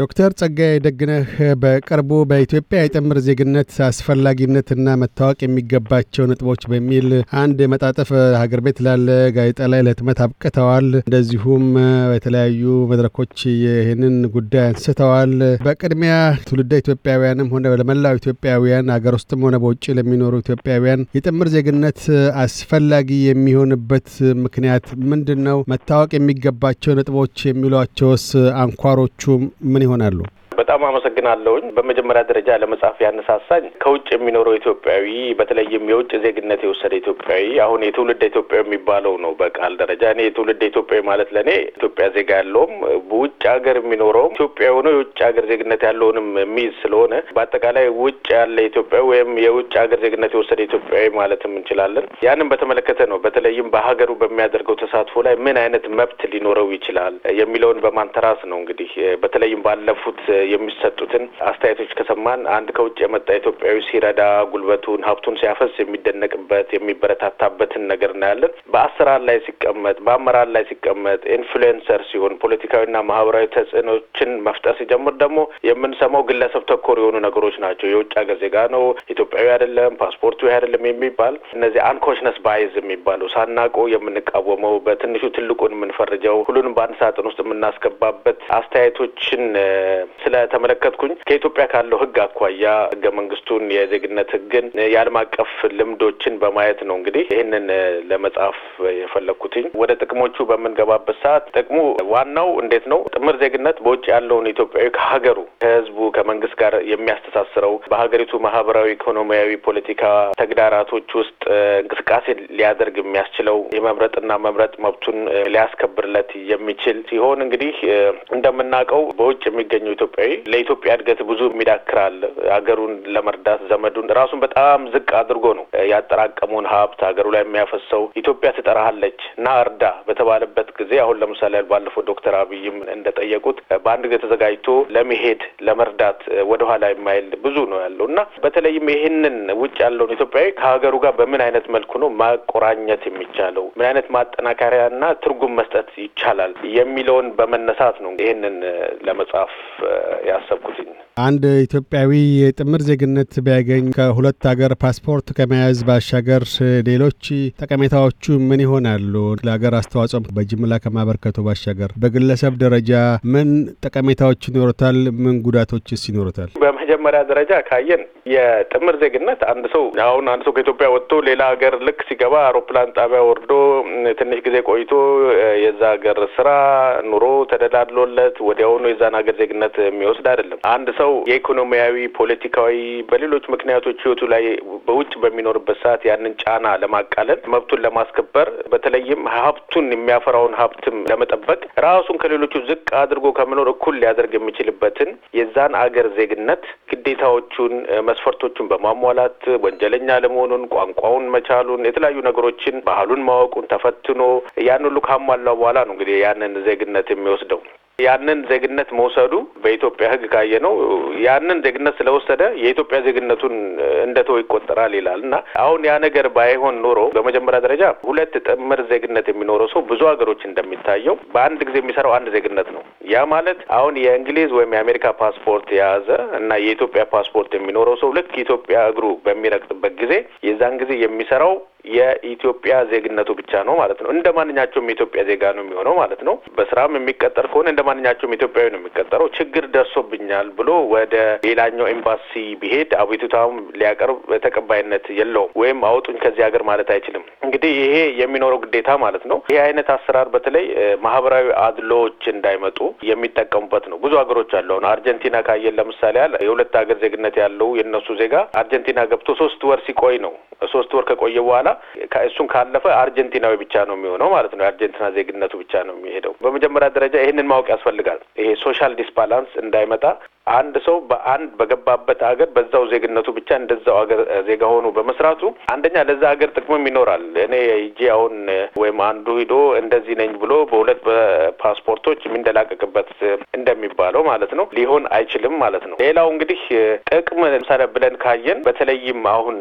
ዶክተር ጸጋዬ ደግነህ በቅርቡ በኢትዮጵያ የጥምር ዜግነት አስፈላጊነትና መታወቅ የሚገባቸው ነጥቦች በሚል አንድ መጣጠፍ ሀገር ቤት ላለ ጋዜጣ ላይ ለህትመት አብቅተዋል። እንደዚሁም በተለያዩ መድረኮች ይህንን ጉዳይ አንስተዋል። በቅድሚያ ትውልደ ኢትዮጵያውያንም ሆነ ለመላው ኢትዮጵያውያን ሀገር ውስጥም ሆነ በውጭ ለሚኖሩ ኢትዮጵያውያን የጥምር ዜግነት አስፈላጊ የሚሆንበት ምክንያት ምንድን ነው? መታወቅ የሚገባቸው ነጥቦች የሚሏቸውስ አንኳሮቹ ምን ይሆናሉ በጣም አመሰግናለሁኝ። በመጀመሪያ ደረጃ ለመጽሐፍ ያነሳሳኝ ከውጭ የሚኖረው ኢትዮጵያዊ በተለይም የውጭ ዜግነት የወሰደ ኢትዮጵያዊ አሁን የትውልድ ኢትዮጵያ የሚባለው ነው በቃል ደረጃ። እኔ የትውልድ ኢትዮጵያዊ ማለት ለእኔ ኢትዮጵያ ዜጋ ያለውም በውጭ ሀገር የሚኖረውም ኢትዮጵያ ሆኖ የውጭ ሀገር ዜግነት ያለውንም የሚይዝ ስለሆነ በአጠቃላይ ውጭ ያለ ኢትዮጵያ ወይም የውጭ ሀገር ዜግነት የወሰደ ኢትዮጵያዊ ማለትም እንችላለን። ያንም በተመለከተ ነው በተለይም በሀገሩ በሚያደርገው ተሳትፎ ላይ ምን አይነት መብት ሊኖረው ይችላል የሚለውን በማንተራስ ነው እንግዲህ በተለይም ባለፉት የሚሰጡትን አስተያየቶች ከሰማን አንድ ከውጭ የመጣ ኢትዮጵያዊ ሲረዳ ጉልበቱን ሀብቱን ሲያፈስ የሚደነቅበት የሚበረታታበትን ነገር እናያለን። በአሰራር ላይ ሲቀመጥ በአመራር ላይ ሲቀመጥ ኢንፍሉዌንሰር ሲሆን ፖለቲካዊና ማህበራዊ ተጽዕኖችን መፍጠር ሲጀምር ደግሞ የምንሰማው ግለሰብ ተኮር የሆኑ ነገሮች ናቸው። የውጭ ሀገር ዜጋ ነው፣ ኢትዮጵያዊ አይደለም፣ ፓስፖርቱ አይደለም የሚባል እነዚህ አንኮሽነስ ባይዝ የሚባለው ሳናቆ የምንቃወመው በትንሹ ትልቁን የምንፈርጀው ሁሉንም በአንድ ሳጥን ውስጥ የምናስገባበት አስተያየቶችን ስለ ተመለከትኩኝ። ከኢትዮጵያ ካለው ህግ አኳያ ህገ መንግስቱን፣ የዜግነት ህግን፣ የዓለም አቀፍ ልምዶችን በማየት ነው እንግዲህ ይህንን ለመጻፍ የፈለግኩትኝ። ወደ ጥቅሞቹ በምንገባበት ሰዓት ጥቅሙ ዋናው እንዴት ነው ጥምር ዜግነት በውጭ ያለውን ኢትዮጵያዊ ከሀገሩ ከህዝቡ ከመንግስት ጋር የሚያስተሳስረው በሀገሪቱ ማህበራዊ፣ ኢኮኖሚያዊ፣ ፖለቲካ ተግዳራቶች ውስጥ እንቅስቃሴ ሊያደርግ የሚያስችለው የመምረጥና መምረጥ መብቱን ሊያስከብርለት የሚችል ሲሆን እንግዲህ እንደምናውቀው በውጭ የሚገኙ ኢትዮጵያዊ ለኢትዮጵያ እድገት ብዙ የሚዳክራል። ሀገሩን ለመርዳት ዘመዱን ራሱን በጣም ዝቅ አድርጎ ነው ያጠራቀሙን ሀብት ሀገሩ ላይ የሚያፈሰው። ኢትዮጵያ ትጠራሃለች ና እርዳ በተባለበት ጊዜ አሁን ለምሳሌ ባለፈው ዶክተር አብይም እንደጠየቁት በአንድ ጊዜ ተዘጋጅቶ ለመሄድ ለመርዳት ወደኋላ የማይል ብዙ ነው ያለው እና በተለይም ይህንን ውጭ ያለውን ኢትዮጵያዊ ከሀገሩ ጋር በምን አይነት መልኩ ነው ማቆራኘት የሚቻለው ምን አይነት ማጠናከሪያና ና ትርጉም መስጠት ይቻላል የሚለውን በመነሳት ነው ይህንን ለመጻፍ ያሰብኩትኝ። አንድ ኢትዮጵያዊ የጥምር ዜግነት ቢያገኝ ከሁለት ሀገር ፓስፖርት ከመያዝ ባሻገር ሌሎች ጠቀሜታዎቹ ምን ይሆናሉ? ለሀገር አስተዋጽኦ በጅምላ ከማበርከቱ ባሻገር በግለሰብ ደረጃ ምን ጠቀሜታዎች ይኖሩታል? ምን ጉዳቶችስ ይኖሩታል? በመጀመሪያ ደረጃ ካየን የጥምር ዜግነት አንድ ሰው አሁን አንድ ሰው ከኢትዮጵያ ወጥቶ ሌላ ሀገር ልክ ሲገባ አውሮፕላን ጣቢያ ወርዶ ትንሽ ጊዜ ቆይቶ የዛ ሀገር ስራ ኑሮ ተደላድሎለት ወዲያውኑ የዛን ሀገር ዜግነት የሚወስ የሚወስድ አይደለም። አንድ ሰው የኢኮኖሚያዊ፣ ፖለቲካዊ፣ በሌሎች ምክንያቶች ህይወቱ ላይ በውጭ በሚኖርበት ሰዓት ያንን ጫና ለማቃለል መብቱን ለማስከበር በተለይም ሀብቱን የሚያፈራውን ሀብትም ለመጠበቅ ራሱን ከሌሎቹ ዝቅ አድርጎ ከመኖር እኩል ሊያደርግ የሚችልበትን የዛን አገር ዜግነት ግዴታዎቹን፣ መስፈርቶቹን በማሟላት ወንጀለኛ ለመሆኑን ቋንቋውን መቻሉን፣ የተለያዩ ነገሮችን ባህሉን ማወቁን ተፈትኖ ያን ሁሉ ካሟላው በኋላ ነው እንግዲህ ያንን ዜግነት የሚወስደው። ያንን ዜግነት መውሰዱ በኢትዮጵያ ሕግ ካየ ነው ያንን ዜግነት ስለወሰደ የኢትዮጵያ ዜግነቱን እንደተው ይቆጠራል ይላል እና አሁን ያ ነገር ባይሆን ኖሮ በመጀመሪያ ደረጃ ሁለት ጥምር ዜግነት የሚኖረው ሰው ብዙ ሀገሮች እንደሚታየው በአንድ ጊዜ የሚሰራው አንድ ዜግነት ነው። ያ ማለት አሁን የእንግሊዝ ወይም የአሜሪካ ፓስፖርት የያዘ እና የኢትዮጵያ ፓስፖርት የሚኖረው ሰው ልክ ኢትዮጵያ እግሩ በሚረግጥበት ጊዜ የዛን ጊዜ የሚሰራው የኢትዮጵያ ዜግነቱ ብቻ ነው ማለት ነው። እንደ ማንኛቸውም የኢትዮጵያ ዜጋ ነው የሚሆነው ማለት ነው። በስራም የሚቀጠር ከሆነ እንደ ማንኛቸውም ኢትዮጵያዊ ነው የሚቀጠረው። ችግር ደርሶብኛል ብሎ ወደ ሌላኛው ኤምባሲ ቢሄድ አቤቱታውም ሊያቀርብ ተቀባይነት የለውም፣ ወይም አውጡኝ ከዚህ ሀገር ማለት አይችልም። እንግዲህ ይሄ የሚኖረው ግዴታ ማለት ነው። ይህ አይነት አሰራር በተለይ ማህበራዊ አድሎዎች እንዳይመጡ የሚጠቀሙበት ነው። ብዙ ሀገሮች አሉ። አሁን አርጀንቲና ካየን ለምሳሌ ያህል የሁለት ሀገር ዜግነት ያለው የነሱ ዜጋ አርጀንቲና ገብቶ ሶስት ወር ሲቆይ ነው ሶስት ወር ከቆየ በኋላ እሱን ካለፈ አርጀንቲናዊ ብቻ ነው የሚሆነው ማለት ነው። የአርጀንቲና ዜግነቱ ብቻ ነው የሚሄደው። በመጀመሪያ ደረጃ ይህንን ማወቅ ያስፈልጋል። ይሄ ሶሻል ዲስባላንስ እንዳይመጣ አንድ ሰው በአንድ በገባበት ሀገር በዛው ዜግነቱ ብቻ እንደዛው ሀገር ዜጋ ሆኖ በመስራቱ አንደኛ ለዛ ሀገር ጥቅምም ይኖራል። እኔ ሂጄ አሁን ወይም አንዱ ሂዶ እንደዚህ ነኝ ብሎ በሁለት በፓስፖርቶች የሚንደላቀቅበት እንደሚባለው ማለት ነው ሊሆን አይችልም ማለት ነው። ሌላው እንግዲህ ጥቅም ለምሳሌ ብለን ካየን በተለይም አሁን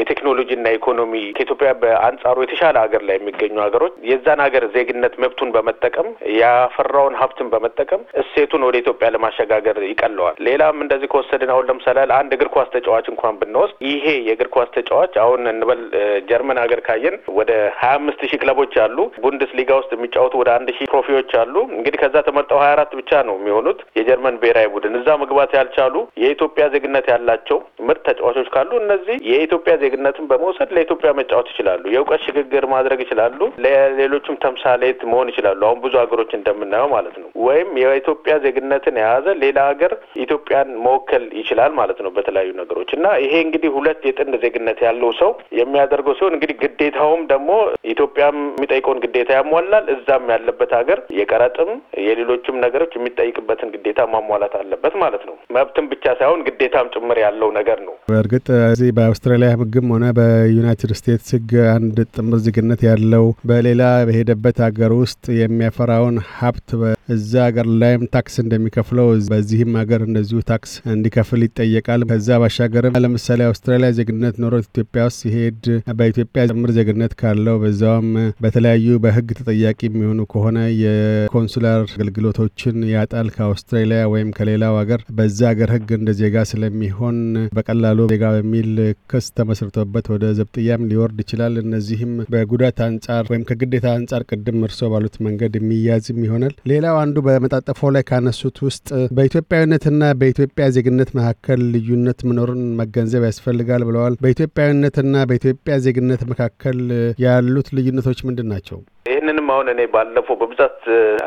የቴክኖሎጂና ኢኮኖሚ ከኢትዮጵያ በአንጻሩ የተሻለ ሀገር ላይ የሚገኙ ሀገሮች የዛን ሀገር ዜግነት መብቱን በመጠቀም ያፈራውን ሀብትን በመጠቀም እሴቱን ወደ ኢትዮጵያ ለማሸጋገር ይቀለዋል። ተሰጥተዋል። ሌላም እንደዚህ ከወሰድን አሁን ለምሳሌ አንድ እግር ኳስ ተጫዋች እንኳን ብንወስድ ይሄ የእግር ኳስ ተጫዋች አሁን እንበል ጀርመን ሀገር ካየን ወደ ሀያ አምስት ሺህ ክለቦች አሉ። ቡንደስ ሊጋ ውስጥ የሚጫወቱ ወደ አንድ ሺህ ትሮፊዎች አሉ። እንግዲህ ከዛ ተመርጠው ሀያ አራት ብቻ ነው የሚሆኑት የጀርመን ብሔራዊ ቡድን እዛ መግባት ያልቻሉ የኢትዮጵያ ዜግነት ያላቸው ምርጥ ተጫዋቾች ካሉ እነዚህ የኢትዮጵያ ዜግነትን በመውሰድ ለኢትዮጵያ መጫወት ይችላሉ። የእውቀት ሽግግር ማድረግ ይችላሉ። ለሌሎችም ተምሳሌት መሆን ይችላሉ። አሁን ብዙ ሀገሮች እንደምናየው ማለት ነው። ወይም የኢትዮጵያ ዜግነትን የያዘ ሌላ ሀገር ኢትዮጵያን መወከል ይችላል ማለት ነው በተለያዩ ነገሮች እና ይሄ እንግዲህ ሁለት የጥንድ ዜግነት ያለው ሰው የሚያደርገው ሲሆን እንግዲህ ግዴታውም ደግሞ ኢትዮጵያም የሚጠይቀውን ግዴታ ያሟላል። እዛም ያለበት ሀገር የቀረጥም የሌሎችም ነገሮች የሚጠይቅበትን ግዴታ ማሟላት አለበት ማለት ነው። መብትም ብቻ ሳይሆን ግዴታም ጭምር ያለው ነገር ነው። በእርግጥ እዚህ በአውስትራሊያ ሕግም ሆነ በዩናይትድ ስቴትስ ሕግ አንድ ጥምር ዜግነት ያለው በሌላ በሄደበት ሀገር ውስጥ የሚያፈራውን ሀብት እዛ ሀገር ላይም ታክስ እንደሚከፍለው በዚህም ሀገር እንደዚሁ ታክስ እንዲከፍል ይጠየቃል። ከዛ ባሻገርም ለምሳሌ አውስትራሊያ ዜግነት ኖሮት ኢትዮጵያ ውስጥ ሲሄድ በኢትዮጵያ ጭምር ዜግነት ካለው በዛውም በተለያዩ በህግ ተጠያቂ የሚሆኑ ከሆነ የኮንሱላር አገልግሎቶችን ያጣል ከአውስትራሊያ ወይም ከሌላው ሀገር በዛ ሀገር ህግ እንደ ዜጋ ስለሚሆን በቀላሉ ዜጋ በሚል ክስ ተመስርቶበት ወደ ዘብጥያም ሊወርድ ይችላል። እነዚህም በጉዳት አንጻር ወይም ከግዴታ አንጻር ቅድም እርሶ ባሉት መንገድ የሚያዝም ይሆናል። ሌላው አንዱ በመጣጠፎ ላይ ካነሱት ውስጥ በኢትዮጵያዊነትና በኤርትራና በኢትዮጵያ ዜግነት መካከል ልዩነት መኖሩን መገንዘብ ያስፈልጋል ብለዋል። በኢትዮጵያዊነትና በኢትዮጵያ ዜግነት መካከል ያሉት ልዩነቶች ምንድን ናቸው? ይህንንም አሁን እኔ ባለፈው በብዛት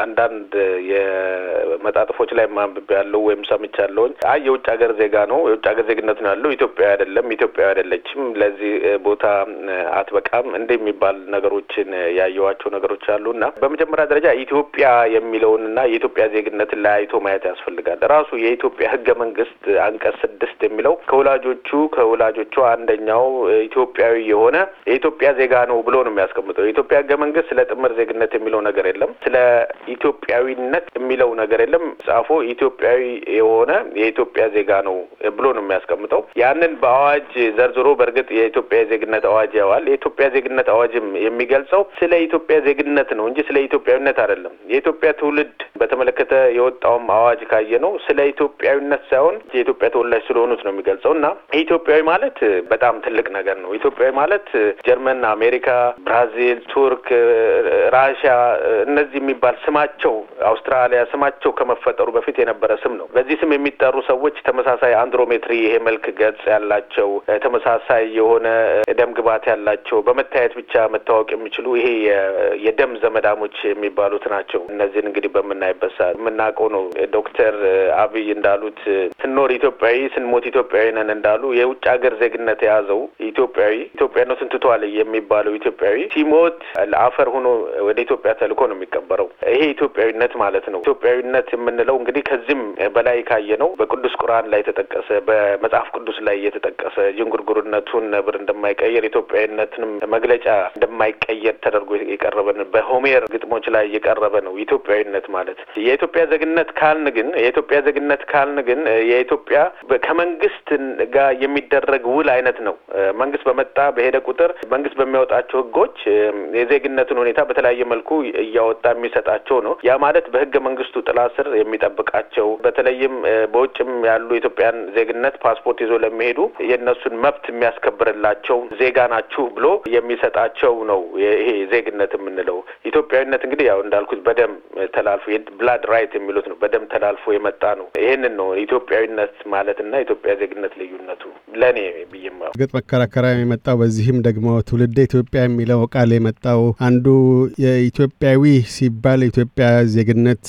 አንዳንድ የመጣጥፎች ላይ ማንብብ ያለው ወይም ያለውን አይ የውጭ ሀገር ዜጋ ነው የውጭ ሀገር ዜግነት ነው ያለው ኢትዮጵያዊ አይደለም ኢትዮጵያዊ አይደለችም ለዚህ ቦታ አትበቃም እንደ የሚባል ነገሮችን ያየዋቸው ነገሮች አሉ እና በመጀመሪያ ደረጃ ኢትዮጵያ የሚለውንና የኢትዮጵያ ዜግነትን ለያይቶ ማየት ያስፈልጋል። ራሱ የኢትዮጵያ ህገ መንግስት አንቀጽ ስድስት የሚለው ከወላጆቹ ከወላጆቹ አንደኛው ኢትዮጵያዊ የሆነ የኢትዮጵያ ዜጋ ነው ብሎ ነው የሚያስቀምጠው የኢትዮጵያ ህገ መንግስት ስለ ጥምር ዜግነት የሚለው ነገር የለም። ስለ ኢትዮጵያዊነት የሚለው ነገር የለም። ጻፎ ኢትዮጵያዊ የሆነ የኢትዮጵያ ዜጋ ነው ብሎ ነው የሚያስቀምጠው። ያንን በአዋጅ ዘርዝሮ በእርግጥ የኢትዮጵያ ዜግነት አዋጅ ያዋል። የኢትዮጵያ ዜግነት አዋጅም የሚገልጸው ስለ ኢትዮጵያ ዜግነት ነው እንጂ ስለ ኢትዮጵያዊነት አይደለም። የኢትዮጵያ ትውልድ በተመለከተ የወጣውም አዋጅ ካየ ነው ስለ ኢትዮጵያዊነት ሳይሆን የኢትዮጵያ ተወላጅ ስለሆኑት ነው የሚገልጸው እና ኢትዮጵያዊ ማለት በጣም ትልቅ ነገር ነው። ኢትዮጵያዊ ማለት ጀርመን፣ አሜሪካ፣ ብራዚል፣ ቱርክ፣ ራሽያ እነዚህ የሚባል ስማቸው አውስትራሊያ ስማቸው ከመፈጠሩ በፊት የነበረ ስም ነው። በዚህ ስም የሚጠሩ ሰዎች ተመሳሳይ አንድሮሜትሪ ይሄ መልክ ገጽ ያላቸው ተመሳሳይ የሆነ ደም ግባት ያላቸው በመታየት ብቻ መታወቅ የሚችሉ ይሄ የደም ዘመዳሞች የሚባሉት ናቸው። እነዚህን እንግዲህ በምናየ በምናይበት ሰዓት የምናውቀው ነው። ዶክተር አብይ እንዳሉት ስንኖር ኢትዮጵያዊ ስንሞት ኢትዮጵያዊ ነን እንዳሉ የውጭ ሀገር ዜግነት የያዘው ኢትዮጵያዊ ኢትዮጵያነቱን ትቷል የሚባለው ኢትዮጵያዊ ሲሞት ለአፈር ሆኖ ወደ ኢትዮጵያ ተልኮ ነው የሚቀበረው። ይሄ ኢትዮጵያዊነት ማለት ነው። ኢትዮጵያዊነት የምንለው እንግዲህ ከዚህም በላይ ካየ ነው በቅዱስ ቁርአን ላይ የተጠቀሰ በመጽሐፍ ቅዱስ ላይ የተጠቀሰ ጅንጉርጉርነቱን ነብር እንደማይቀየር ኢትዮጵያዊነትንም መግለጫ እንደማይቀየር ተደርጎ የቀረበን በሆሜር ግጥሞች ላይ የቀረበ ነው። ኢትዮጵያዊነት ማለት የኢትዮጵያ ዜግነት ካልን ግን የኢትዮጵያ ዜግነት ካልን ግን የኢትዮጵያ ከመንግስት ጋር የሚደረግ ውል አይነት ነው። መንግስት በመጣ በሄደ ቁጥር መንግስት በሚያወጣቸው ህጎች የዜግነትን ሁኔታ በተለያየ መልኩ እያወጣ የሚሰጣቸው ነው። ያ ማለት በህገ መንግስቱ ጥላ ስር የሚጠብቃቸው በተለይም በውጭም ያሉ ኢትዮጵያን ዜግነት ፓስፖርት ይዞ ለሚሄዱ የእነሱን መብት የሚያስከብርላቸው ዜጋ ናችሁ ብሎ የሚሰጣቸው ነው። ይሄ ዜግነት የምንለው ኢትዮጵያዊነት እንግዲህ ያው እንዳልኩት በደም ተላልፎ ብላድ ራይት የሚሉት ነው። በደም ተላልፎ የመጣ ነው። ይህንን ነው ኢትዮጵያዊነት ማለትና ኢትዮጵያ ዜግነት ልዩነቱ ለእኔ ብይማ እርግጥ መከራከሪያ የመጣው በዚህም ደግሞ ትውልደ ኢትዮጵያ የሚለው ቃል የመጣው አንዱ የኢትዮጵያዊ ሲባል ኢትዮጵያ ዜግነት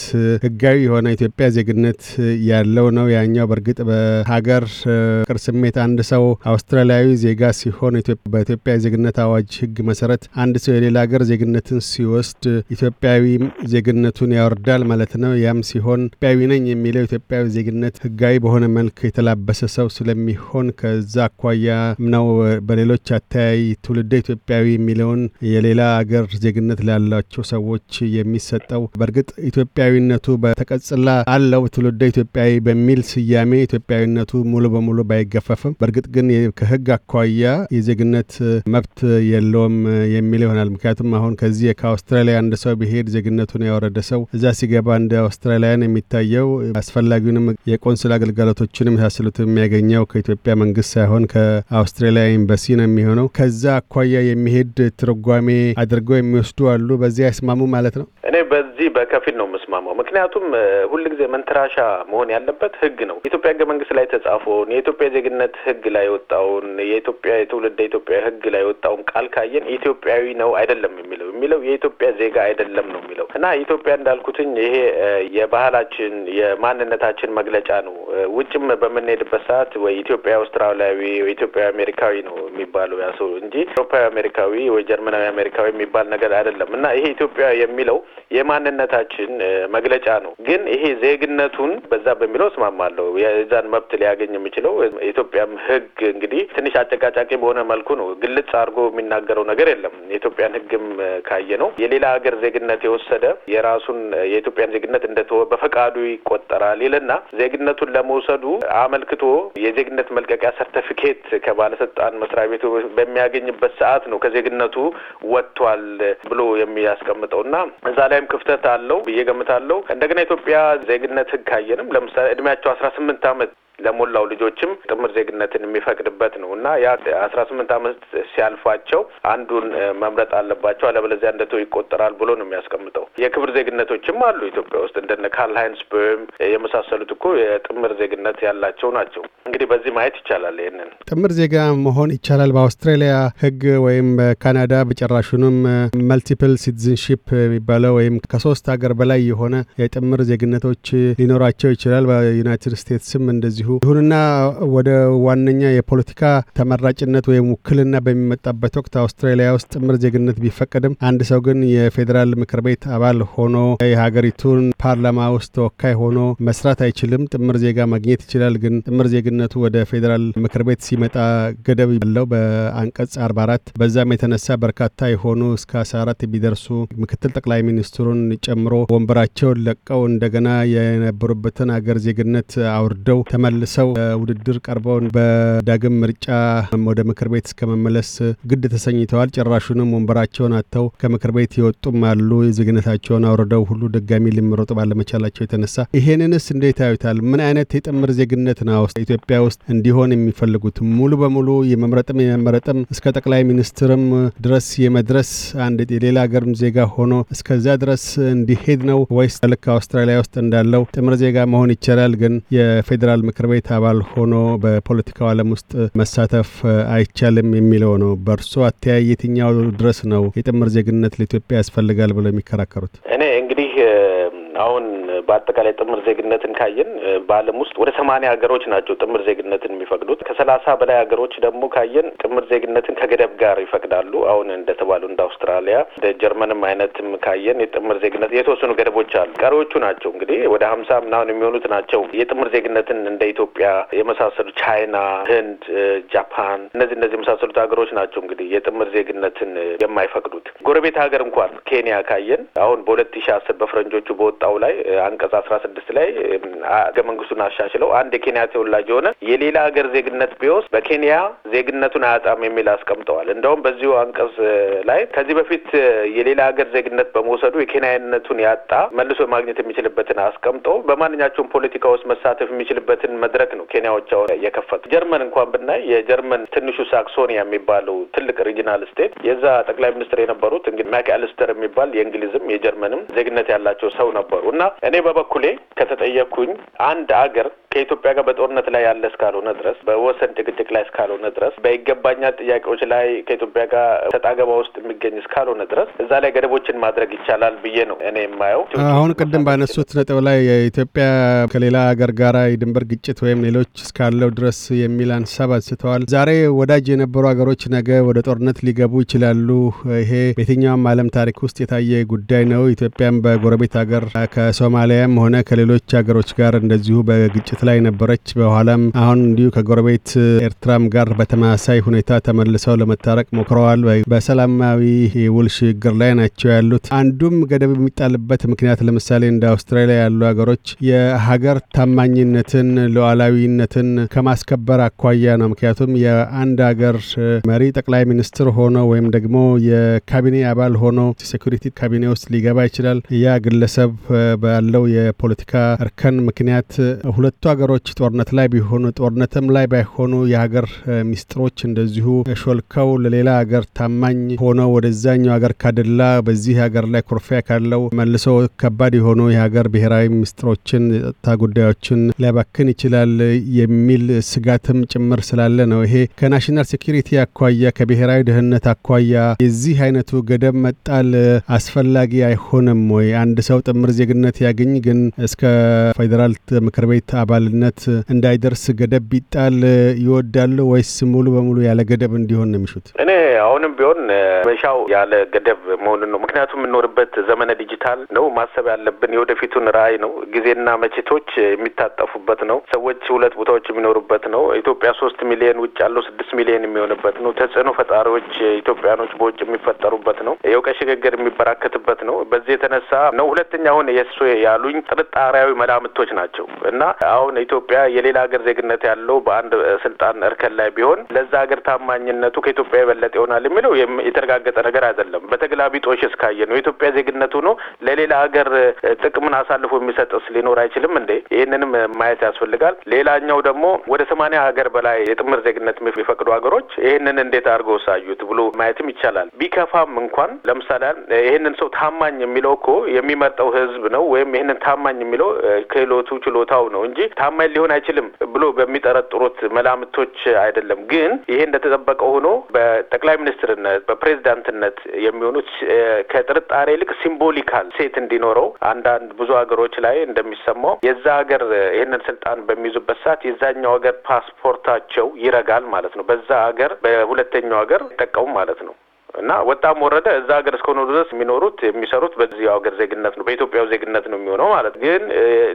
ህጋዊ የሆነ ኢትዮጵያ ዜግነት ያለው ነው። ያኛው በእርግጥ በሀገር ፍቅር ስሜት አንድ ሰው አውስትራሊያዊ ዜጋ ሲሆን በኢትዮጵያ ዜግነት አዋጅ ህግ መሰረት አንድ ሰው የሌላ ሀገር ዜግነትን ሲወስድ ኢትዮጵያዊ ዜግነቱን ያወርዳል ይችላል ማለት ነው። ያም ሲሆን ኢትዮጵያዊ ነኝ የሚለው ኢትዮጵያዊ ዜግነት ህጋዊ በሆነ መልክ የተላበሰ ሰው ስለሚሆን ከዛ አኳያ ነው በሌሎች አተያይ ትውልደ ኢትዮጵያዊ የሚለውን የሌላ አገር ዜግነት ላላቸው ሰዎች የሚሰጠው በእርግጥ ኢትዮጵያዊነቱ በተቀጽላ አለው ትውልደ ኢትዮጵያዊ በሚል ስያሜ ኢትዮጵያዊነቱ ሙሉ በሙሉ ባይገፈፍም፣ በእርግጥ ግን ከህግ አኳያ የዜግነት መብት የለውም የሚል ይሆናል። ምክንያቱም አሁን ከዚህ ከአውስትራሊያ አንድ ሰው ብሄድ ዜግነቱን ያወረደ ሰው እዛ ሲገ ሲገባ እንደ አውስትራሊያን የሚታየው አስፈላጊውንም የቆንስል አገልጋሎቶችን የመሳሰሉት የሚያገኘው ከኢትዮጵያ መንግስት ሳይሆን ከአውስትራሊያ ኤምባሲ ነው የሚሆነው። ከዛ አኳያ የሚሄድ ትርጓሜ አድርገው የሚወስዱ አሉ። በዚህ አይስማሙ ማለት ነው። እኔ በዚህ በከፊል ነው የምስማማው። ምክንያቱም ሁልጊዜ መንትራሻ መሆን ያለበት ህግ ነው። የኢትዮጵያ ህገ መንግስት ላይ ተጻፈውን የኢትዮጵያ ዜግነት ህግ ላይ ወጣውን የኢትዮጵያ የትውልደ ኢትዮጵያ ህግ ላይ ወጣውን ቃል ካየን ኢትዮጵያዊ ነው አይደለም የሚለው የሚለው የኢትዮጵያ ዜጋ አይደለም ነው የሚለው እና ኢትዮጵያ እንዳልኩትኝ ይሄ የባህላችን የማንነታችን መግለጫ ነው። ውጭም በምንሄድበት ሰዓት ወይ ኢትዮጵያ አውስትራሊያዊ ወይ አሜሪካዊ ነው የሚባለው ያ ሰው እንጂ አውሮፓዊ አሜሪካዊ ወይ ጀርመናዊ አሜሪካዊ የሚባል ነገር አይደለም እና ይሄ ኢትዮጵያ የሚለው የማንነታችን መግለጫ ነው። ግን ይሄ ዜግነቱን በዛ በሚለው እስማማለሁ። የዛን መብት ሊያገኝ የሚችለው የኢትዮጵያም ህግ እንግዲህ ትንሽ አጨቃጫቂ በሆነ መልኩ ነው። ግልጽ አድርጎ የሚናገረው ነገር የለም። የኢትዮጵያን ህግም ካየ ነው የሌላ ሀገር ዜግነት የወሰደ የራሱን የኢትዮጵያን ዜግነት እንደተወ በፈቃዱ ይቆጠራል ይልና ዜግነቱን ለመውሰዱ አመልክቶ የዜግነት መልቀቂያ ሰርተፊኬት ከባለስልጣን መስሪያ ቤቱ በሚያገኝበት ሰዓት ነው ከዜግነቱ ወጥቷል ብሎ የሚያስቀምጠው እና እዛ ላይም ክፍተት አለው ብዬ ገምታለሁ። እንደገና ኢትዮጵያ ዜግነት ህግ ካየንም ለምሳሌ እድሜያቸው አስራ ስምንት አመት ለሞላው ልጆችም ጥምር ዜግነትን የሚፈቅድበት ነው እና ያ አስራ ስምንት ዓመት ሲያልፋቸው አንዱን መምረጥ አለባቸው አለበለዚያ እንደቶ ይቆጠራል ብሎ ነው የሚያስቀምጠው። የክብር ዜግነቶችም አሉ ኢትዮጵያ ውስጥ እንደነ ካርል ሃይንስ ቦም የመሳሰሉት እኮ የጥምር ዜግነት ያላቸው ናቸው። እንግዲህ በዚህ ማየት ይቻላል። ይህንን ጥምር ዜጋ መሆን ይቻላል። በአውስትራሊያ ህግ ወይም በካናዳ በጨራሹንም መልቲፕል ሲቲዝንሺፕ የሚባለው ወይም ከሶስት ሀገር በላይ የሆነ የጥምር ዜግነቶች ሊኖራቸው ይችላል። በዩናይትድ ስቴትስም እንደዚሁ እንደዚሁ። ይሁንና ወደ ዋነኛ የፖለቲካ ተመራጭነት ወይም ውክልና በሚመጣበት ወቅት አውስትራሊያ ውስጥ ጥምር ዜግነት ቢፈቀድም አንድ ሰው ግን የፌዴራል ምክር ቤት አባል ሆኖ የሀገሪቱን ፓርላማ ውስጥ ተወካይ ሆኖ መስራት አይችልም። ጥምር ዜጋ ማግኘት ይችላል። ግን ጥምር ዜግነቱ ወደ ፌዴራል ምክር ቤት ሲመጣ ገደብ ያለው በአንቀጽ 44 በዛም የተነሳ በርካታ የሆኑ እስከ 14 የሚደርሱ ምክትል ጠቅላይ ሚኒስትሩን ጨምሮ ወንበራቸውን ለቀው እንደገና የነበሩበትን አገር ዜግነት አውርደው ተመ ተመልሰው ውድድር ቀርበውን በዳግም ምርጫ ወደ ምክር ቤት እስከመመለስ ግድ ተሰኝተዋል። ጭራሹንም ወንበራቸውን አጥተው ከምክር ቤት የወጡም አሉ። ዜግነታቸውን አውርደው ሁሉ ድጋሚ ሊመረጡ ባለመቻላቸው የተነሳ ይሄንንስ እንዴት ያዩታል? ምን አይነት የጥምር ዜግነት ነው ኢትዮጵያ ውስጥ እንዲሆን የሚፈልጉት? ሙሉ በሙሉ የመምረጥም የመመረጥም እስከ ጠቅላይ ሚኒስትርም ድረስ የመድረስ አንድ የሌላ ሀገርም ዜጋ ሆኖ እስከዚያ ድረስ እንዲሄድ ነው ወይስ ልክ አውስትራሊያ ውስጥ እንዳለው ጥምር ዜጋ መሆን ይቻላል? ግን የፌዴራል ምክር ምክር ቤት አባል ሆኖ በፖለቲካው ዓለም ውስጥ መሳተፍ አይቻልም የሚለው ነው። በእርሶ አተያይ የትኛው ድረስ ነው የጥምር ዜግነት ለኢትዮጵያ ያስፈልጋል ብለው የሚከራከሩት? እኔ እንግዲህ አሁን በአጠቃላይ ጥምር ዜግነትን ካየን በዓለም ውስጥ ወደ ሰማንያ ሀገሮች ናቸው ጥምር ዜግነትን የሚፈቅዱት። ከሰላሳ በላይ ሀገሮች ደግሞ ካየን ጥምር ዜግነትን ከገደብ ጋር ይፈቅዳሉ። አሁን እንደተባሉ እንደ አውስትራሊያ እንደ ጀርመንም አይነትም ካየን የጥምር ዜግነት የተወሰኑ ገደቦች አሉ። ቀሪዎቹ ናቸው እንግዲህ ወደ ሀምሳ ምናምን የሚሆኑት ናቸው የጥምር ዜግነትን እንደ ኢትዮጵያ የመሳሰሉ ቻይና፣ ህንድ፣ ጃፓን እነዚህ እነዚህ የመሳሰሉት ሀገሮች ናቸው እንግዲህ የጥምር ዜግነትን የማይፈቅዱት። ጎረቤት ሀገር እንኳን ኬንያ ካየን አሁን በሁለት ሺ አስር በፈረንጆቹ በወጡ የወጣው ላይ አንቀጽ አስራ ስድስት ላይ ህገ መንግስቱን አሻሽለው አንድ የኬንያ ተወላጅ የሆነ የሌላ ሀገር ዜግነት ቢወስድ በኬንያ ዜግነቱን አያጣም የሚል አስቀምጠዋል። እንደውም በዚሁ አንቀጽ ላይ ከዚህ በፊት የሌላ ሀገር ዜግነት በመውሰዱ የኬንያነቱን ያጣ መልሶ ማግኘት የሚችልበትን አስቀምጦ በማንኛቸውም ፖለቲካ ውስጥ መሳተፍ የሚችልበትን መድረክ ነው ኬንያዎች አሁን የከፈቱ። ጀርመን እንኳን ብናይ የጀርመን ትንሹ ሳክሶኒያ የሚባለው ትልቅ ሪጂናል ስቴት የዛ ጠቅላይ ሚኒስትር የነበሩት እንግዲህ ማክ አልስተር የሚባል የእንግሊዝም የጀርመንም ዜግነት ያላቸው ሰው ነበር። ነበሩ እና እኔ በበኩሌ ከተጠየቅኩኝ አንድ አገር ከኢትዮጵያ ጋር በጦርነት ላይ ያለ እስካልሆነ ድረስ በወሰን ጭቅጭቅ ላይ እስካልሆነ ድረስ በይገባኛል ጥያቄዎች ላይ ከኢትዮጵያ ጋር ተጣገባ ውስጥ የሚገኝ እስካልሆነ ድረስ እዛ ላይ ገደቦችን ማድረግ ይቻላል ብዬ ነው እኔ የማየው። አሁን ቅድም ባነሱት ነጥብ ላይ የኢትዮጵያ ከሌላ ሀገር ጋራ የድንበር ግጭት ወይም ሌሎች እስካለው ድረስ የሚል ሀሳብ አንስተዋል። ዛሬ ወዳጅ የነበሩ ሀገሮች ነገ ወደ ጦርነት ሊገቡ ይችላሉ። ይሄ በየትኛውም ዓለም ታሪክ ውስጥ የታየ ጉዳይ ነው። ኢትዮጵያም በጎረቤት ሀገር ከሶማሊያም ሆነ ከሌሎች ሀገሮች ጋር እንደዚሁ በግጭት ላይ ነበረች። በኋላም አሁን እንዲሁ ከጎረቤት ኤርትራም ጋር በተመሳሳይ ሁኔታ ተመልሰው ለመታረቅ ሞክረዋል። በሰላማዊ ውል ሽግግር ላይ ናቸው ያሉት። አንዱም ገደብ የሚጣልበት ምክንያት ለምሳሌ እንደ አውስትራሊያ ያሉ ሀገሮች የሀገር ታማኝነትን ሉዓላዊነትን ከማስከበር አኳያ ነው። ምክንያቱም የአንድ ሀገር መሪ ጠቅላይ ሚኒስትር ሆኖ ወይም ደግሞ የካቢኔ አባል ሆኖ ሴኩሪቲ ካቢኔ ውስጥ ሊገባ ይችላል። ያ ግለሰብ ባለው የፖለቲካ እርከን ምክንያት ሁለቱ ሀገሮች ጦርነት ላይ ቢሆኑ ጦርነትም ላይ ባይሆኑ የሀገር ሚስጥሮች እንደዚሁ ሾልከው ለሌላ ሀገር ታማኝ ሆነው ወደዛኛው ሀገር ካደላ በዚህ ሀገር ላይ ኩርፊያ ካለው መልሶ ከባድ የሆኑ የሀገር ብሔራዊ ሚስጥሮችን፣ የጸጥታ ጉዳዮችን ሊያባክን ይችላል የሚል ስጋትም ጭምር ስላለ ነው። ይሄ ከናሽናል ሴኪሪቲ አኳያ ከብሔራዊ ደህንነት አኳያ የዚህ አይነቱ ገደብ መጣል አስፈላጊ አይሆንም ወይ? አንድ ሰው ጥምር ዜግነት ያገኝ፣ ግን እስከ ፌዴራል ምክር ቤት አባልነት እንዳይደርስ ገደብ ቢጣል ይወዳሉ ወይስ ሙሉ በሙሉ ያለ ገደብ እንዲሆን ነው የሚሹት? እኔ አሁንም ቢሆን መሻው ያለ ገደብ መሆኑን ነው። ምክንያቱም የምኖርበት ዘመነ ዲጂታል ነው። ማሰብ ያለብን የወደፊቱን ራዕይ ነው። ጊዜና መቼቶች የሚታጠፉበት ነው። ሰዎች ሁለት ቦታዎች የሚኖሩበት ነው። ኢትዮጵያ ሶስት ሚሊዮን ውጭ ያለው ስድስት ሚሊዮን የሚሆንበት ነው። ተጽዕኖ ፈጣሪዎች ኢትዮጵያኖች በውጭ የሚፈጠሩበት ነው። የእውቀት ሽግግር የሚበራከትበት ነው። በዚህ የተነሳ ነው ሁለተኛ አሁን የሱ ያሉኝ ጥርጣሪያዊ መላምቶች ናቸው እና አሁን ኢትዮጵያ የሌላ ሀገር ዜግነት ያለው በአንድ ስልጣን እርከን ላይ ቢሆን ለዛ ሀገር ታማኝነቱ ከኢትዮጵያ የበለጠ ይሆናል የሚለው የተረጋገጠ ነገር አይደለም። በተገላቢጦሽ እስካየ ነው የኢትዮጵያ ዜግነት ሆኖ ለሌላ ሀገር ጥቅምን አሳልፎ የሚሰጥስ ሊኖር አይችልም እንዴ? ይህንንም ማየት ያስፈልጋል። ሌላኛው ደግሞ ወደ ሰማንያ ሀገር በላይ የጥምር ዜግነት የሚፈቅዱ ሀገሮች ይህንን እንዴት አድርገው ሳዩት ብሎ ማየትም ይቻላል። ቢከፋም እንኳን ለምሳሌ ይህንን ሰው ታማኝ የሚለው እኮ የሚመርጠው ህዝብ ህዝብ ነው ወይም ይህንን ታማኝ የሚለው ክህሎቱ ችሎታው ነው እንጂ ታማኝ ሊሆን አይችልም ብሎ በሚጠረጥሩት መላምቶች አይደለም። ግን ይሄ እንደተጠበቀ ሆኖ በጠቅላይ ሚኒስትርነት በፕሬዚዳንትነት የሚሆኑት ከጥርጣሬ ይልቅ ሲምቦሊካል ሴት እንዲኖረው አንዳንድ ብዙ ሀገሮች ላይ እንደሚሰማው የዛ ሀገር ይህንን ስልጣን በሚይዙበት ሰዓት የዛኛው ሀገር ፓስፖርታቸው ይረጋል ማለት ነው። በዛ ሀገር በሁለተኛው ሀገር ይጠቀሙ ማለት ነው። እና ወጣም ወረደ እዛ ሀገር እስከሆነ ድረስ የሚኖሩት የሚሰሩት በዚህ ሀገር ዜግነት ነው በኢትዮጵያው ዜግነት ነው የሚሆነው ማለት ግን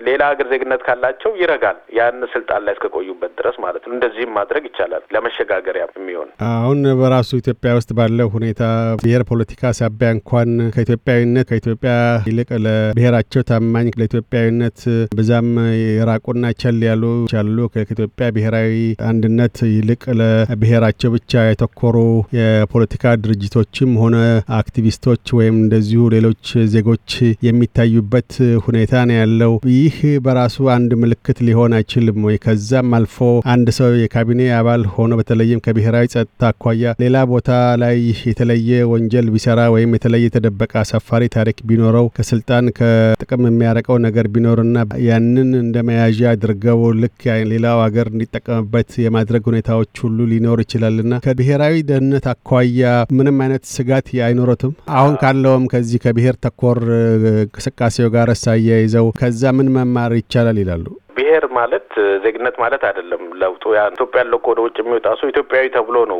ሌላ ሀገር ዜግነት ካላቸው ይረጋል ያን ስልጣን ላይ እስከቆዩበት ድረስ ማለት ነው። እንደዚህም ማድረግ ይቻላል ለመሸጋገሪያ የሚሆን አሁን በራሱ ኢትዮጵያ ውስጥ ባለው ሁኔታ ብሔር ፖለቲካ ሳቢያ እንኳን ከኢትዮጵያዊነት ከኢትዮጵያ ይልቅ ለብሔራቸው ታማኝ ለኢትዮጵያዊነት ብዛም የራቁና ቸል ያሉ ቻሉ ከኢትዮጵያ ብሔራዊ አንድነት ይልቅ ለብሔራቸው ብቻ የተኮሩ የፖለቲካ ድርጅት ድርጅቶችም ሆነ አክቲቪስቶች ወይም እንደዚሁ ሌሎች ዜጎች የሚታዩበት ሁኔታ ነው ያለው። ይህ በራሱ አንድ ምልክት ሊሆን አይችልም ወይ? ከዛም አልፎ አንድ ሰው የካቢኔ አባል ሆኖ በተለይም ከብሔራዊ ጸጥታ አኳያ ሌላ ቦታ ላይ የተለየ ወንጀል ቢሰራ ወይም የተለየ የተደበቀ አሳፋሪ ታሪክ ቢኖረው ከስልጣን ከጥቅም የሚያረቀው ነገር ቢኖርና ያንን እንደ መያዣ አድርገው ልክ ሌላው ሀገር እንዲጠቀምበት የማድረግ ሁኔታዎች ሁሉ ሊኖር ይችላልና ከብሔራዊ ደህንነት አኳያ ምንም ምንም አይነት ስጋት አይኖረትም? አሁን ካለውም ከዚህ ከብሔር ተኮር እንቅስቃሴው ጋር እሳያይዘው ከዛ ምን መማር ይቻላል ይላሉ? ብሔር ማለት ዜግነት ማለት አይደለም። ለውጡ ኢትዮጵያ ያለው ወደ ውጭ የሚወጣ ሰው ኢትዮጵያዊ ተብሎ ነው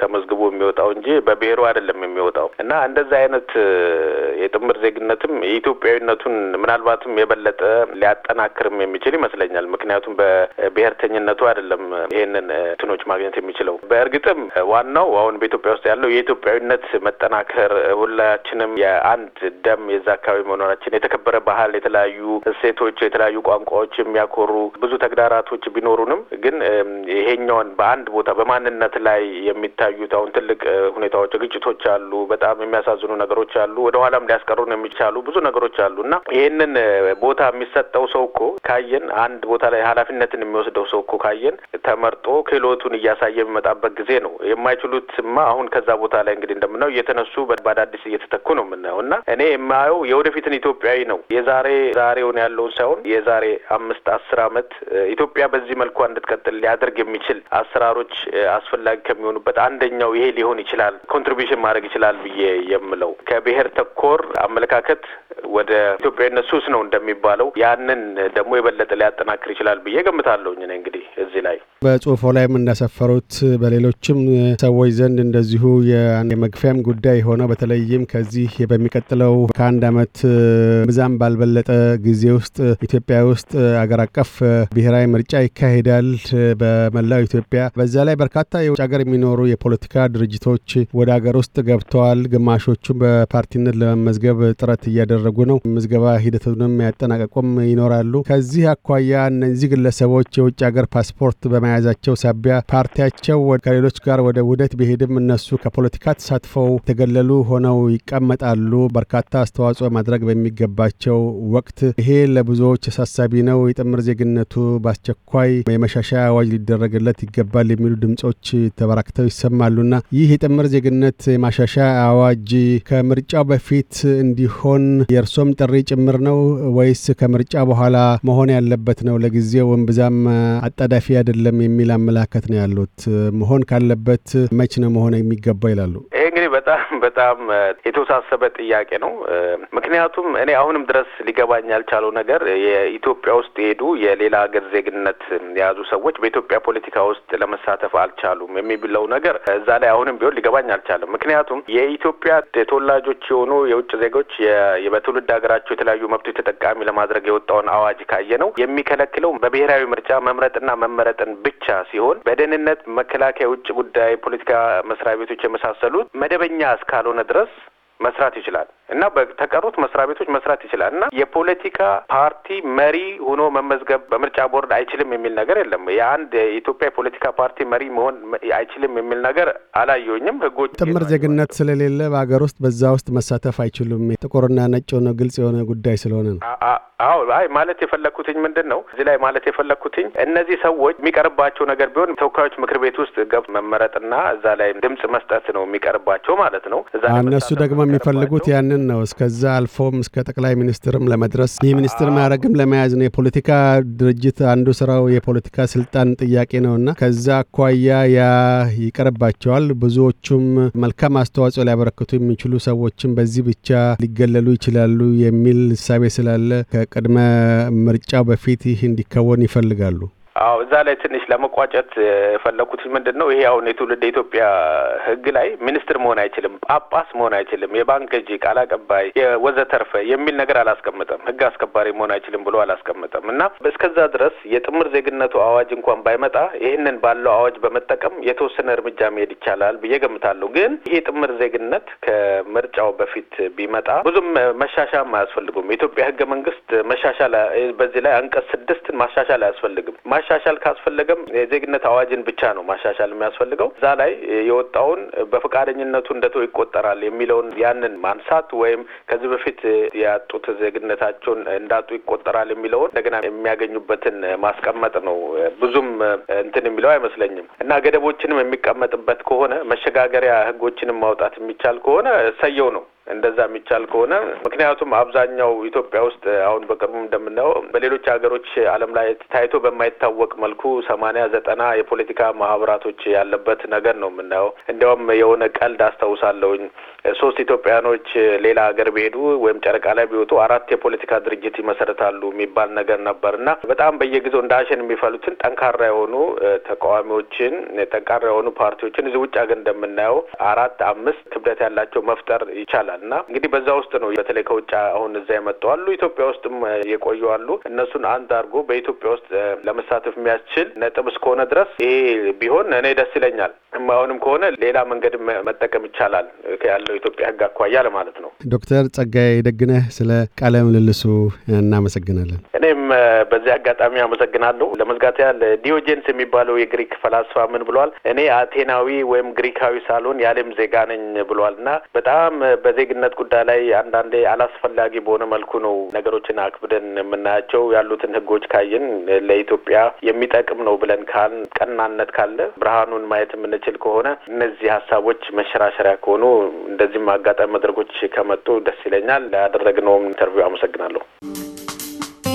ተመዝግቦ የሚወጣው እንጂ በብሔሩ አይደለም የሚወጣው እና እንደዚህ አይነት የጥምር ዜግነትም የኢትዮጵያዊነቱን ምናልባትም የበለጠ ሊያጠናክርም የሚችል ይመስለኛል። ምክንያቱም በብሔርተኝነቱ አይደለም ይሄንን እንትኖች ማግኘት የሚችለው። በእርግጥም ዋናው አሁን በኢትዮጵያ ውስጥ ያለው የኢትዮጵያዊነት መጠናከር፣ ሁላችንም የአንድ ደም የዛ አካባቢ መኖራችን፣ የተከበረ ባህል፣ የተለያዩ እሴቶች፣ የተለያዩ ቋንቋዎች ሰዎች የሚያኮሩ ብዙ ተግዳራቶች ቢኖሩንም ግን ይሄኛውን በአንድ ቦታ በማንነት ላይ የሚታዩት አሁን ትልቅ ሁኔታዎች፣ ግጭቶች አሉ። በጣም የሚያሳዝኑ ነገሮች አሉ። ወደኋላም ሊያስቀሩን የሚቻሉ ብዙ ነገሮች አሉ እና ይህንን ቦታ የሚሰጠው ሰው እኮ ካየን አንድ ቦታ ላይ ኃላፊነትን የሚወስደው ሰው እኮ ካየን ተመርጦ ክህሎቱን እያሳየ የሚመጣበት ጊዜ ነው። የማይችሉትማ አሁን ከዛ ቦታ ላይ እንግዲህ እንደምናየው እየተነሱ በአዳዲስ እየተተኩ ነው የምናየው እና እኔ የማየው የወደፊትን ኢትዮጵያዊ ነው የዛሬ ዛሬውን ያለውን ሳይሆን የዛሬ አምስት አስር ዓመት ኢትዮጵያ በዚህ መልኳ እንድትቀጥል ሊያደርግ የሚችል አሰራሮች አስፈላጊ ከሚሆኑበት አንደኛው ይሄ ሊሆን ይችላል ኮንትሪቢሽን ማድረግ ይችላል ብዬ የምለው ከብሔር ተኮር አመለካከት ወደ ኢትዮጵያዊነት ሱስ ነው እንደሚባለው ያንን ደግሞ የበለጠ ሊያጠናክር ይችላል ብዬ ገምታለሁኝ እኔ እንግዲህ እዚህ ላይ በጽሁፎ ላይም እንዳሰፈሩት በሌሎችም ሰዎች ዘንድ እንደዚሁ የመግፊያም ጉዳይ ሆነው በተለይም ከዚህ በሚቀጥለው ከአንድ አመት ብዛም ባልበለጠ ጊዜ ውስጥ ኢትዮጵያ ውስጥ አገር አቀፍ ብሔራዊ ምርጫ ይካሄዳል በመላው ኢትዮጵያ። በዛ ላይ በርካታ የውጭ ሀገር የሚኖሩ የፖለቲካ ድርጅቶች ወደ ሀገር ውስጥ ገብተዋል። ግማሾቹም በፓርቲነት ለመመዝገብ ጥረት እያደረጉ ነው። ምዝገባ ሂደቱንም ያጠናቀቁም ይኖራሉ። ከዚህ አኳያ እነዚህ ግለሰቦች የውጭ ሀገር ፓስፖርት በ በመያዛቸው ሳቢያ ፓርቲያቸው ከሌሎች ጋር ወደ ውህደት ቢሄድም እነሱ ከፖለቲካ ተሳትፈው የተገለሉ ሆነው ይቀመጣሉ። በርካታ አስተዋጽኦ ማድረግ በሚገባቸው ወቅት ይሄ ለብዙዎች አሳሳቢ ነው። የጥምር ዜግነቱ በአስቸኳይ የመሻሻያ አዋጅ ሊደረግለት ይገባል የሚሉ ድምጾች ተበራክተው ይሰማሉና ይህ የጥምር ዜግነት የማሻሻያ አዋጅ ከምርጫው በፊት እንዲሆን የእርሶም ጥሪ ጭምር ነው ወይስ ከምርጫ በኋላ መሆን ያለበት ነው? ለጊዜው እምብዛም አጣዳፊ አይደለም የሚል አመላከት ነው ያሉት። መሆን ካለበት መች ነው መሆን የሚገባው ይላሉ። በጣም በጣም የተወሳሰበ ጥያቄ ነው። ምክንያቱም እኔ አሁንም ድረስ ሊገባኝ ያልቻለው ነገር የኢትዮጵያ ውስጥ የሄዱ የሌላ ሀገር ዜግነት የያዙ ሰዎች በኢትዮጵያ ፖለቲካ ውስጥ ለመሳተፍ አልቻሉም የሚብለው ነገር እዛ ላይ አሁንም ቢሆን ሊገባኝ አልቻለም። ምክንያቱም የኢትዮጵያ ተወላጆች የሆኑ የውጭ ዜጎች በትውልድ ሀገራቸው የተለያዩ መብቶች ተጠቃሚ ለማድረግ የወጣውን አዋጅ ካየ ነው የሚከለክለው በብሔራዊ ምርጫ መምረጥና መመረጥን ብቻ ሲሆን በደህንነት መከላከያ፣ የውጭ ጉዳይ፣ ፖለቲካ መስሪያ ቤቶች የመሳሰሉት መደበኛ ፈቃደኛ እስካልሆነ ድረስ መስራት ይችላል እና በተቀሩት መስሪያ ቤቶች መስራት ይችላል እና የፖለቲካ ፓርቲ መሪ ሆኖ መመዝገብ በምርጫ ቦርድ አይችልም የሚል ነገር የለም። የአንድ የኢትዮጵያ የፖለቲካ ፓርቲ መሪ መሆን አይችልም የሚል ነገር አላየኝም ህጎች ጥምር ዜግነት ስለሌለ በሀገር ውስጥ በዛ ውስጥ መሳተፍ አይችሉም። ጥቁርና ነጭ የሆነ ግልጽ የሆነ ጉዳይ ስለሆነ ነው። አዎ አይ ማለት የፈለግኩትኝ ምንድን ነው እዚህ ላይ ማለት የፈለግኩትኝ እነዚህ ሰዎች የሚቀርባቸው ነገር ቢሆን ተወካዮች ምክር ቤት ውስጥ ገብ መመረጥና እዛ ላይ ድምጽ መስጠት ነው የሚቀርባቸው ማለት ነው እነሱ ደግሞ የሚፈልጉት ያንን ነው። እስከዛ አልፎም እስከ ጠቅላይ ሚኒስትርም ለመድረስ የሚኒስትር ማዕረግም ለመያዝ ነው። የፖለቲካ ድርጅት አንዱ ስራው የፖለቲካ ስልጣን ጥያቄ ነውና ከዛ አኳያ ያ ይቀርባቸዋል። ብዙዎቹም መልካም አስተዋጽኦ ሊያበረክቱ የሚችሉ ሰዎችም በዚህ ብቻ ሊገለሉ ይችላሉ የሚል እሳቤ ስላለ ከቅድመ ምርጫው በፊት ይህ እንዲከወን ይፈልጋሉ። አዎ እዛ ላይ ትንሽ ለመቋጨት የፈለኩት ምንድን ነው ይሄ አሁን የትውልድ የኢትዮጵያ ህግ ላይ ሚኒስትር መሆን አይችልም፣ ጳጳስ መሆን አይችልም፣ የባንክ ገዢ፣ ቃል አቀባይ ወዘተርፈ የሚል ነገር አላስቀምጠም። ህግ አስከባሪ መሆን አይችልም ብሎ አላስቀምጠም እና እስከዛ ድረስ የጥምር ዜግነቱ አዋጅ እንኳን ባይመጣ ይህንን ባለው አዋጅ በመጠቀም የተወሰነ እርምጃ መሄድ ይቻላል ብዬ ገምታለሁ። ግን ይሄ ጥምር ዜግነት ከምርጫው በፊት ቢመጣ ብዙም መሻሻም አያስፈልጉም። የኢትዮጵያ ህገ መንግስት መሻሻል በዚህ ላይ አንቀጽ ስድስትን ማሻሻል አያስፈልግም። ማሻሻል ካስፈለገም የዜግነት አዋጅን ብቻ ነው ማሻሻል የሚያስፈልገው። እዛ ላይ የወጣውን በፈቃደኝነቱ እንደቶ ይቆጠራል የሚለውን ያንን ማንሳት ወይም ከዚህ በፊት ያጡት ዜግነታቸውን እንዳጡ ይቆጠራል የሚለውን እንደገና የሚያገኙበትን ማስቀመጥ ነው። ብዙም እንትን የሚለው አይመስለኝም እና ገደቦችንም የሚቀመጥበት ከሆነ መሸጋገሪያ ህጎችንም ማውጣት የሚቻል ከሆነ ሰየው ነው። እንደዛ የሚቻል ከሆነ ምክንያቱም አብዛኛው ኢትዮጵያ ውስጥ አሁን በቅርቡ እንደምናየው በሌሎች ሀገሮች ዓለም ላይ ታይቶ በማይታወቅ መልኩ ሰማንያ ዘጠና የፖለቲካ ማህበራቶች ያለበት ነገር ነው የምናየው። እንዲያውም የሆነ ቀልድ አስታውሳለሁኝ ሶስት ኢትዮጵያኖች ሌላ ሀገር ቢሄዱ ወይም ጨረቃ ላይ ቢወጡ አራት የፖለቲካ ድርጅት ይመሰረታሉ የሚባል ነገር ነበር እና በጣም በየጊዜው እንደ አሸን የሚፈሉትን ጠንካራ የሆኑ ተቃዋሚዎችን፣ ጠንካራ የሆኑ ፓርቲዎችን እዚህ ውጭ ሀገር እንደምናየው አራት አምስት ክብደት ያላቸው መፍጠር ይቻላል እና እንግዲህ በዛ ውስጥ ነው በተለይ ከውጭ አሁን እዛ የመጡ አሉ፣ ኢትዮጵያ ውስጥም የቆዩ አሉ። እነሱን አንድ አድርጎ በኢትዮጵያ ውስጥ ለመሳተፍ የሚያስችል ነጥብ እስከሆነ ድረስ ይሄ ቢሆን እኔ ደስ ይለኛል። የማይሆንም ከሆነ ሌላ መንገድ መጠቀም ይቻላል ያለው ኢትዮጵያ ህግ አኳያ ለማለት ነው። ዶክተር ጸጋዬ ደግነህ ስለ ቃለ ምልልሱ እናመሰግናለን። እኔም በዚህ አጋጣሚ አመሰግናለሁ። ለመዝጋት ያህል ዲዮጀንስ የሚባለው የግሪክ ፈላስፋ ምን ብሏል? እኔ አቴናዊ ወይም ግሪካዊ ሳልሆን የዓለም ዜጋ ነኝ ብሏል እና በጣም በዜግነት ጉዳይ ላይ አንዳንዴ አላስፈላጊ በሆነ መልኩ ነው ነገሮችን አክብደን የምናያቸው። ያሉትን ህጎች ካየን ለኢትዮጵያ የሚጠቅም ነው ብለን ካል ቀናነት ካለ ብርሃኑን ማየት የምንችል የሚችል ከሆነ እነዚህ ሀሳቦች መሸራሸሪያ ከሆኑ እንደዚህም አጋጣሚ መድረኮች ከመጡ ደስ ይለኛል። ላደረግነውም ኢንተርቪው አመሰግናለሁ።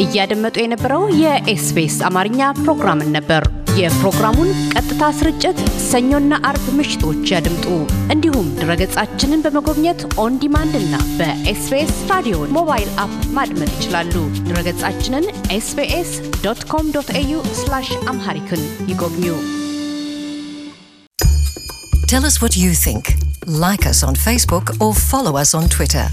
እያደመጡ የነበረው የኤስቢኤስ አማርኛ ፕሮግራምን ነበር። የፕሮግራሙን ቀጥታ ስርጭት ሰኞና አርብ ምሽቶች ያድምጡ። እንዲሁም ድረገጻችንን በመጎብኘት ኦን ዲማንድ እና በኤስቢኤስ ራዲዮ ሞባይል አፕ ማድመጥ ይችላሉ። ድረገጻችንን ኤስቢኤስ ዶት ኮም ዶት ኤዩ አምሃሪክን ይጎብኙ። Tell us what you think. Like us on Facebook or follow us on Twitter.